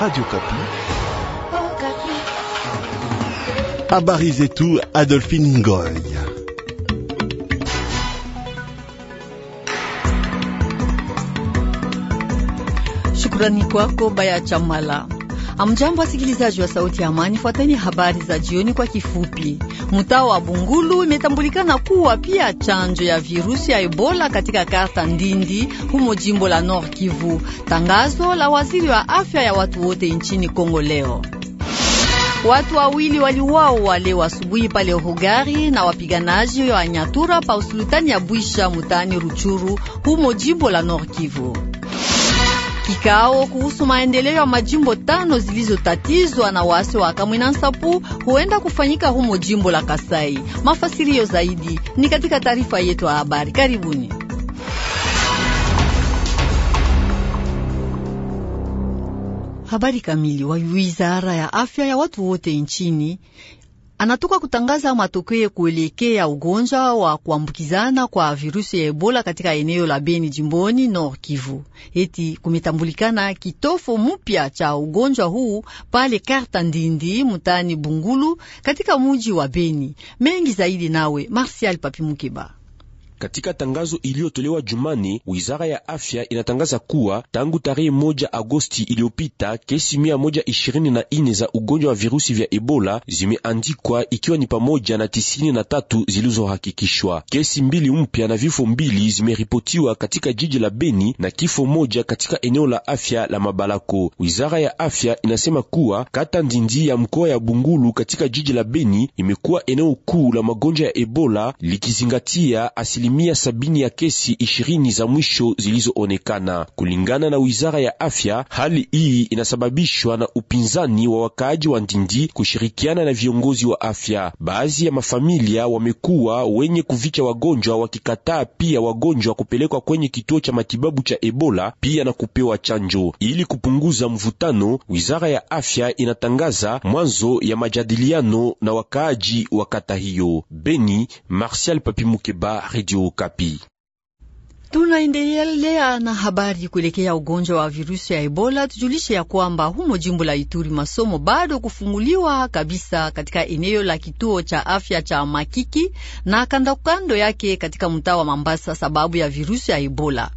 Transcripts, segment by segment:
Radio oh, Kapi. Habari zetu Adolphine Ngoy. Shukrani kwako Baya Chamala. Amjambo wasikilizaji wa Sauti ya Amani, fuateni habari za jioni kwa kifupi. Mtaa wa Bungulu imetambulikana kuwa pia chanjo ya virusi ya Ebola katika karta Ndindi humo jimbo la Nord Kivu. Tangazo la waziri wa afya ya watu wote nchini Kongo leo. Watu wawili waliuawa leo asubuhi pale Rugari na wapiganaji wa Nyatura pa usultani ya Bwisha mutani Ruchuru humo jimbo la Nord Kivu. Kikao kuhusu maendeleo ya majimbo tano zilizotatizwa na waasi wa Kamwina Nsapu huenda kufanyika humo jimbo la Kasai. Mafasirio zaidi ni katika taarifa yetu ya habari. Karibuni. Habari kamili wa wizara ya afya ya watu wote nchini anatoka kutangaza matokeo kuelekea ugonjwa wa kuambukizana kwa virusi ya Ebola katika eneo la Beni jimboni Nord Kivu. Eti kumetambulikana kitofo mupya cha ugonjwa huu pale Karta Ndindi mutani Bungulu katika muji wa Beni. Mengi zaidi nawe Marsial Papi Mukeba. Katika tangazo iliyotolewa Jumani, wizara ya afya inatangaza kuwa tangu tarehe moja Agosti iliyopita kesi mia moja ishirini na ine za ugonjwa wa virusi vya Ebola zimeandikwa ikiwa ni pamoja na tisini na tatu zilizohakikishwa. Kesi mbili mpya na vifo mbili zimeripotiwa katika jiji la Beni na kifo moja katika eneo la afya la Mabalako. Wizara ya afya inasema kuwa kata Ndindi ya mkoa ya Bungulu katika jiji la Beni imekuwa eneo kuu la magonjwa ya Ebola likizingatia asili asilimia sabini ya kesi ishirini za mwisho zilizoonekana kulingana na wizara ya afya. Hali hii inasababishwa na upinzani wa wakaaji wa Ndindi kushirikiana na viongozi wa afya. Baadhi ya mafamilia wamekuwa wenye kuvicha wagonjwa wakikataa pia wagonjwa kupelekwa kwenye kituo cha matibabu cha Ebola pia na kupewa chanjo. Ili kupunguza mvutano, wizara ya afya inatangaza mwanzo ya majadiliano na wakaaji wa kata hiyo. Beni, Martial Papi Mukeba, Radio Radio Kapi. Tunaendelea na habari kuelekea ugonjwa wa virusi ya Ebola. Tujulishe ya kwamba humo jimbo la Ituri masomo bado kufunguliwa kabisa katika eneo la kituo cha afya cha Makiki na kandokando yake katika mtaa wa Mambasa sababu ya virusi ya Ebola.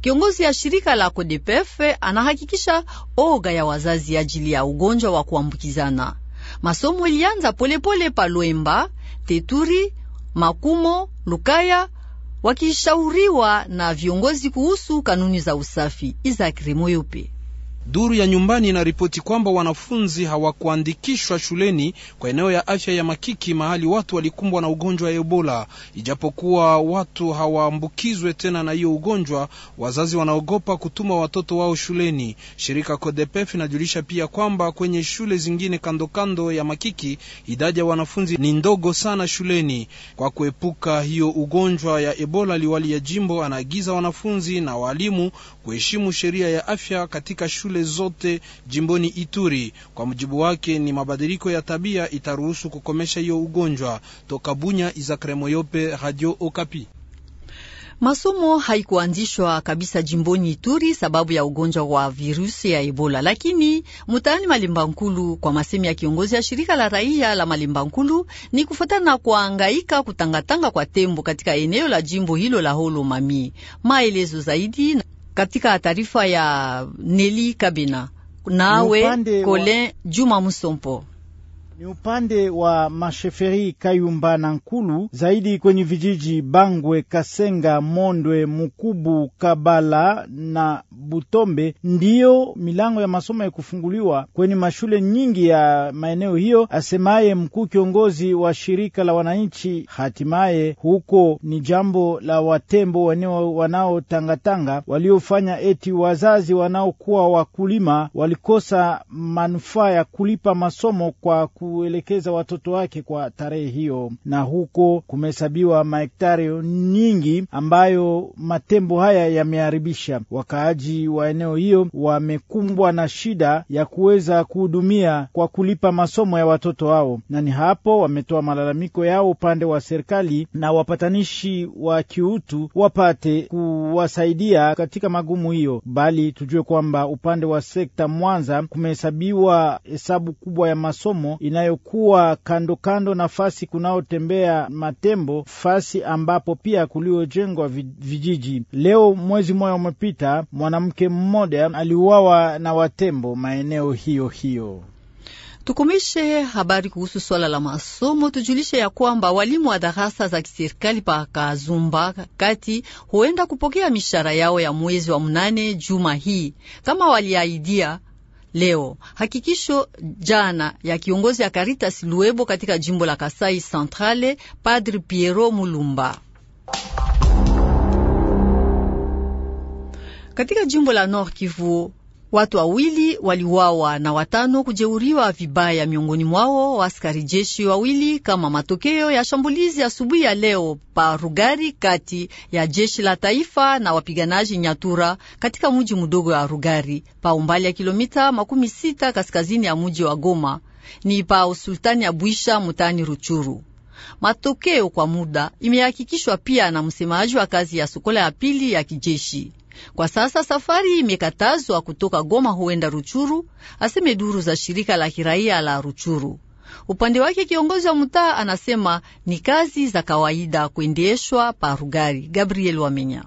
Kiongozi ya shirika la CODEPF anahakikisha oga ya wazazi ajili ya ugonjwa wa kuambukizana. Masomo ilianza polepole pa Lwemba, Teturi, Makumo, Lukaya wakishauriwa na viongozi kuhusu kanuni za usafi. Izakirimoyope Duru ya nyumbani inaripoti kwamba wanafunzi hawakuandikishwa shuleni kwa eneo ya afya ya Makiki, mahali watu walikumbwa na ugonjwa wa Ebola. Ijapokuwa watu hawaambukizwe tena na hiyo ugonjwa, wazazi wanaogopa kutuma watoto wao shuleni. Shirika CODEPEF inajulisha pia kwamba kwenye shule zingine kando kando ya Makiki idadi ya wanafunzi ni ndogo sana shuleni. Kwa kuepuka hiyo ugonjwa ya Ebola, liwali ya jimbo anaagiza wanafunzi na walimu kuheshimu sheria ya afya katika shule shule zote jimboni Ituri. Kwa mujibu wake, ni mabadiliko ya tabia itaruhusu kukomesha hiyo ugonjwa. Toka Bunya, Izakre Moyope, Radio Okapi. Masomo haikuanzishwa kabisa jimboni Ituri sababu ya ugonjwa wa virusi ya Ebola, lakini mtaani malimba Nkulu, kwa masemi ya kiongozi ya shirika la raia la malimba Nkulu, ni kufuatana na kuangaika kutangatanga kwa tembo katika eneo la jimbo hilo la Holo Mami. Maelezo zaidi na katika taarifa ya Neli Kabina nawe Colin Juma Musompo ni upande wa masheferi Kayumba na Nkulu, zaidi kwenye vijiji Bangwe, Kasenga, Mondwe, Mukubu, Kabala na Butombe, ndiyo milango ya masomo yakufunguliwa kwenye mashule nyingi ya maeneo hiyo, asemaye mkuu kiongozi wa shirika la wananchi. Hatimaye huko ni jambo la watembo wanaotangatanga waliofanya eti wazazi wanaokuwa wakulima walikosa manufaa ya kulipa masomo kwa ku kuelekeza watoto wake kwa tarehe hiyo, na huko kumehesabiwa mahektari nyingi ambayo matembo haya yameharibisha. Wakaaji wa eneo hiyo wamekumbwa na shida ya kuweza kuhudumia kwa kulipa masomo ya watoto hao, na ni hapo wametoa malalamiko yao upande wa serikali na wapatanishi wa kiutu wapate kuwasaidia katika magumu hiyo, bali tujue kwamba upande wa sekta Mwanza kumehesabiwa hesabu kubwa ya masomo ina inayokuwa kando kando na fasi kunaotembea matembo, fasi ambapo pia kuliojengwa vijiji. Leo mwezi moya umepita, mwanamke mmoja aliuawa na watembo maeneo hiyo hiyo. Tukumishe habari kuhusu swala la masomo. Tujulishe ya kwamba walimu wa darasa za kiserikali pa Kazumba kati huenda kupokea mishahara yao ya mwezi wa mnane juma hii kama waliahidia leo. Hakikisho jana ya kiongozi ya Caritas Luebo katika jimbo la Kasai Centrale, Padri Piero Mulumba. Katika jimbo la Nord Kivu Watu wawili waliuawa na watano kujeuriwa vibaya, miongoni mwao askari jeshi wawili, kama matokeo ya shambulizi asubuhi ya leo pa Rugari kati ya jeshi la taifa na wapiganaji Nyatura katika muji mdogo wa Rugari pa umbali ya kilomita makumi sita kaskazini ya muji wa Goma ni pa usultani ya Bwisha mutani Ruchuru. Matokeo kwa muda imehakikishwa pia na msemaji wa kazi ya Sokola ya pili ya kijeshi. Kwa sasa safari imekatazwa kutoka Goma huenda Ruchuru, aseme duru za shirika la kiraia la Ruchuru. Upande wake kiongozi wa mtaa anasema ni kazi za kawaida kuendeshwa pa Rugari. Gabriel Wamenya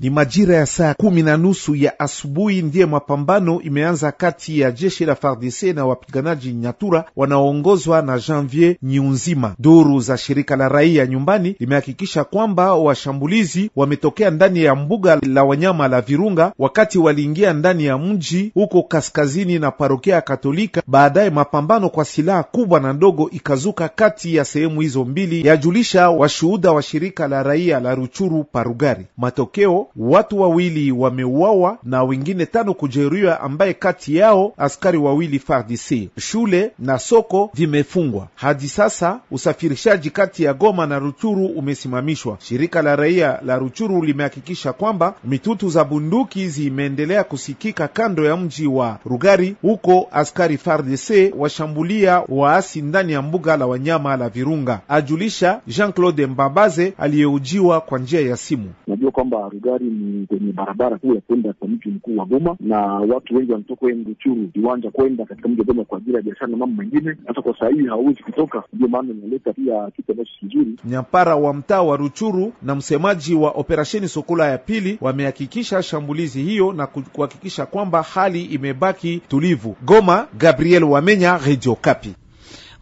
ni majira ya saa kumi na nusu ya asubuhi ndiye mapambano imeanza kati ya jeshi la FARDC na wapiganaji Nyatura wanaoongozwa na Janvier Nyunzima. Duru za shirika la raia nyumbani limehakikisha kwamba washambulizi wametokea ndani ya mbuga la wanyama la Virunga wakati waliingia ndani ya mji huko kaskazini na parokia ya Katolika. Baadaye mapambano kwa silaha kubwa na ndogo ikazuka kati ya sehemu hizo mbili, yajulisha washuhuda wa shirika la raia la Ruchuru Parugari. Matokeo watu wawili wameuawa na wengine tano kujeruhiwa, ambaye kati yao askari wawili FARDC. Shule na soko vimefungwa hadi sasa. Usafirishaji kati ya Goma na Ruchuru umesimamishwa. Shirika la raia la Ruchuru limehakikisha kwamba mitutu za bunduki zimeendelea kusikika kando ya mji wa Rugari, huko askari FARDC washambulia waasi ndani ya mbuga la wanyama la Virunga, ajulisha Jean Claude Mbabaze aliyeujiwa kwa njia ya simu. Najua kwamba Rugari tayari ni kwenye barabara kuu ya kwenda kwa mji mkuu wa Goma, na watu wengi wanatoka Ruchuru viwanja kwenda katika mji wa Goma kwa ajili ya biashara na mambo mengine. Sasa kwa saa hii hawawezi kutoka, ndio maana inaleta pia kitu ambacho kizuri. Nyapara wa mtaa wa Ruchuru na msemaji wa operesheni Sokola ya pili wamehakikisha shambulizi hiyo na kuhakikisha kwamba hali imebaki tulivu. Goma, Gabriel Wamenya, Radio Kapi.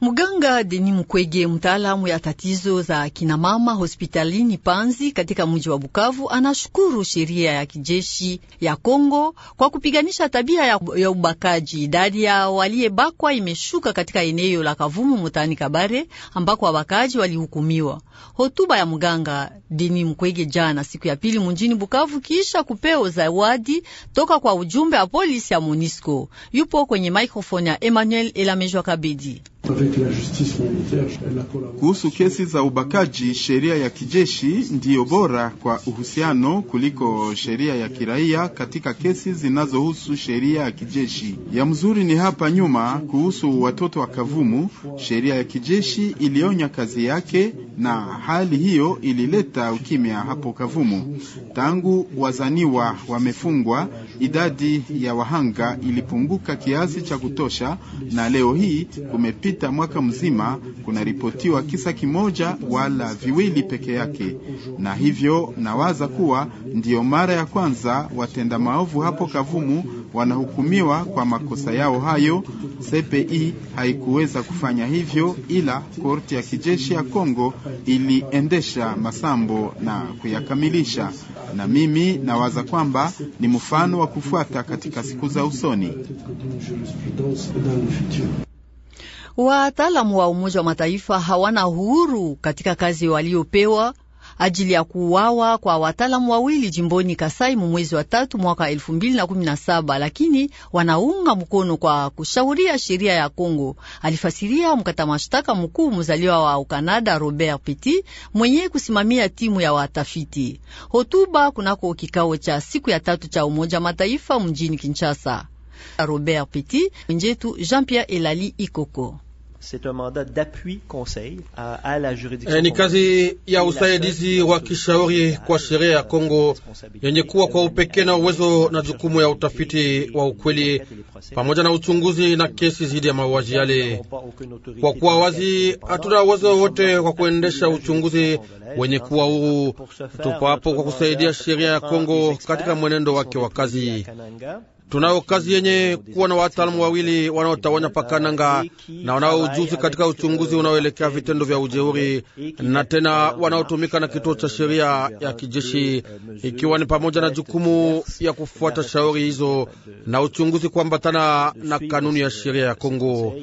Mganga Deni Mukwege, mtaalamu ya tatizo za kinamama hospitalini Panzi katika mji wa Bukavu, anashukuru sheria ya kijeshi ya Kongo kwa kupiganisha tabia ya, ya ubakaji. Idadi ya waliyebakwa imeshuka katika eneo la Kavumu mutani Kabare ambako wabakaji walihukumiwa. Hotuba ya mganga Deni Mukwege jana siku ya pili mjini Bukavu kisha kupewa zawadi toka kwa ujumbe wa polisi ya Monisco. Yupo kwenye microphone ya Emmanuel Elamejwa Kabidi. Kuhusu kesi za ubakaji, sheria ya kijeshi ndiyo bora kwa uhusiano kuliko sheria ya kiraia katika kesi zinazohusu sheria ya kijeshi. Ya mzuri ni hapa nyuma kuhusu watoto wa Kavumu, sheria ya kijeshi ilionya kazi yake na hali hiyo ilileta ukimya hapo Kavumu. Tangu wazaniwa wamefungwa, idadi ya wahanga ilipunguka kiasi cha kutosha na leo hii kumepita iliyopita mwaka mzima kunaripotiwa kisa kimoja wala viwili peke yake, na hivyo nawaza kuwa ndiyo mara ya kwanza watenda maovu hapo Kavumu wanahukumiwa kwa makosa yao hayo. CPI haikuweza kufanya hivyo, ila korti ya kijeshi ya Kongo iliendesha masambo na kuyakamilisha, na mimi nawaza kwamba ni mfano wa kufuata katika siku za usoni. Wataalamu wa Umoja wa Mataifa hawana uhuru katika kazi waliopewa ajili ya kuuawa kwa wataalamu wawili jimboni Kasai mu mwezi wa tatu mwaka elfu mbili na kumi na saba, lakini wanaunga mkono kwa kushauria sheria ya Kongo, alifasiria mkata mashtaka mkuu mzaliwa wa Ukanada Robert Petit mwenye kusimamia timu ya watafiti. Hotuba kunako kikao cha siku ya tatu cha Umoja Mataifa mjini Kinshasa. Robert Petit, Njetu Jean-Pierre Elali Ikoko. C'est un mandat d'appui conseil à, à la juridiction. Eh, ni kazi ya usaidizi wa kishauri kwa sheria ya Kongo yenye kuwa kwa upekee na uwezo na jukumu ya utafiti wa ukweli pamoja na uchunguzi na kesi dhidi ya mauaji yale. Kwa kuwa wazi, hatuna uwezo wote kwa kuendesha uchunguzi wenye kuwa huru. Tupo hapo kwa kusaidia sheria ya Kongo katika mwenendo wake wa kazi. Tunayo kazi yenye kuwa na wataalamu wawili wanaotawanya pakananga na wanao ujuzi katika uchunguzi unaoelekea vitendo vya ujeuri na tena wanaotumika na kituo cha sheria ya kijeshi, ikiwa ni pamoja na jukumu ya kufuata shauri hizo na uchunguzi kuambatana na kanuni ya sheria ya Kongo.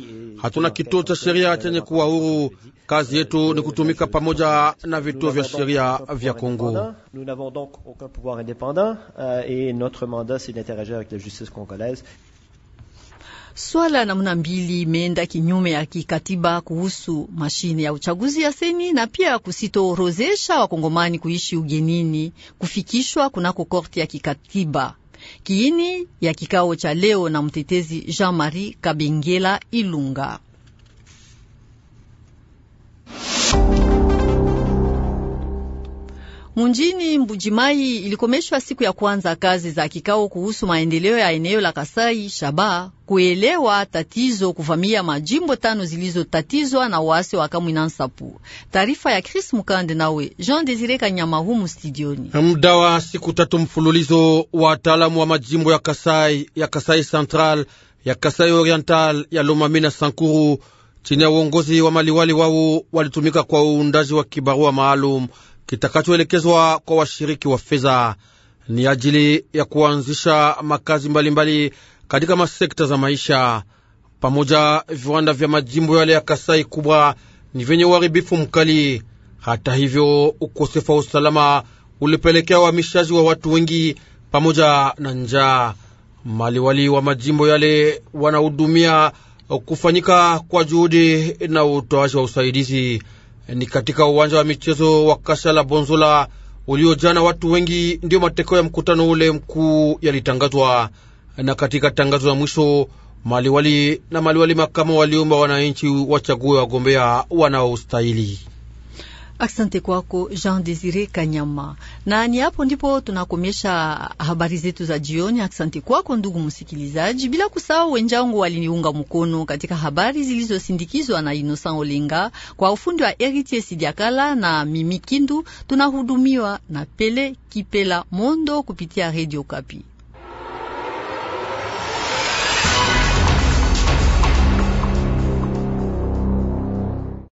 Hatuna kituo cha sheria chenye kuwa huru. Kazi yetu ni kutumika pamoja na vituo vya sheria vya Kongo. Euh, Swala namna mbili imeenda kinyume ya kikatiba kuhusu mashine ya uchaguzi ya seni na pia kusitoorozesha wakongomani kuishi ugenini kufikishwa kunako korti ya kikatiba kiini ya kikao cha leo na mtetezi Jean-Marie Kabengela Ilunga. munjini Mbujimai ilikomeshwa siku ya kwanza kazi za kikao kuhusu maendeleo ya eneo la Kasai Shaba, kuelewa tatizo kuvamia majimbo tano zilizotatizwa na wasi wa Kamwina Nsapu. Taarifa ya Chris Mukande nawe Jean Desire Kanyama humu studioni. Muda wa siku tatu mfululizo, wa wataalamu wa majimbo ya Kasai, ya Kasai Central, ya Kasai Oriental, ya Lomami na Sankuru chini ya uongozi wa maliwali wao walitumika kwa uundaji wa kibarua maalum kitakachoelekezwa kwa washiriki wa fedha ni ajili ya kuanzisha makazi mbalimbali mbali katika masekta za maisha pamoja. Viwanda vya majimbo yale ya Kasai kubwa ni vyenye uharibifu mkali. Hata hivyo, ukosefu wa usalama ulipelekea uhamishaji wa watu wengi pamoja na njaa. Maliwali wa majimbo yale wanahudumia kufanyika kwa juhudi na utoaji wa usaidizi ni katika uwanja wa michezo wa kasha la Bonzola uliojana watu wengi. Ndiyo matokeo ya mkutano ule mkuu yalitangazwa, na katika tangazo la mwisho maliwali na maliwali makama waliomba wananchi wachague wagombea wanaostahili. Asante kwako Jean Desire Kanyama, na ni hapo ndipo tunakomesha habari zetu za jioni. Asante kwako ndugu msikilizaji, bila kusahau wenjangu waliniunga mkono katika habari zilizosindikizwa na Innocent Olenga kwa ufundi wa Eritier Sidiakala na Mimi Kindu. Tunahudumiwa na Pele Kipela Mondo kupitia Radio Kapi.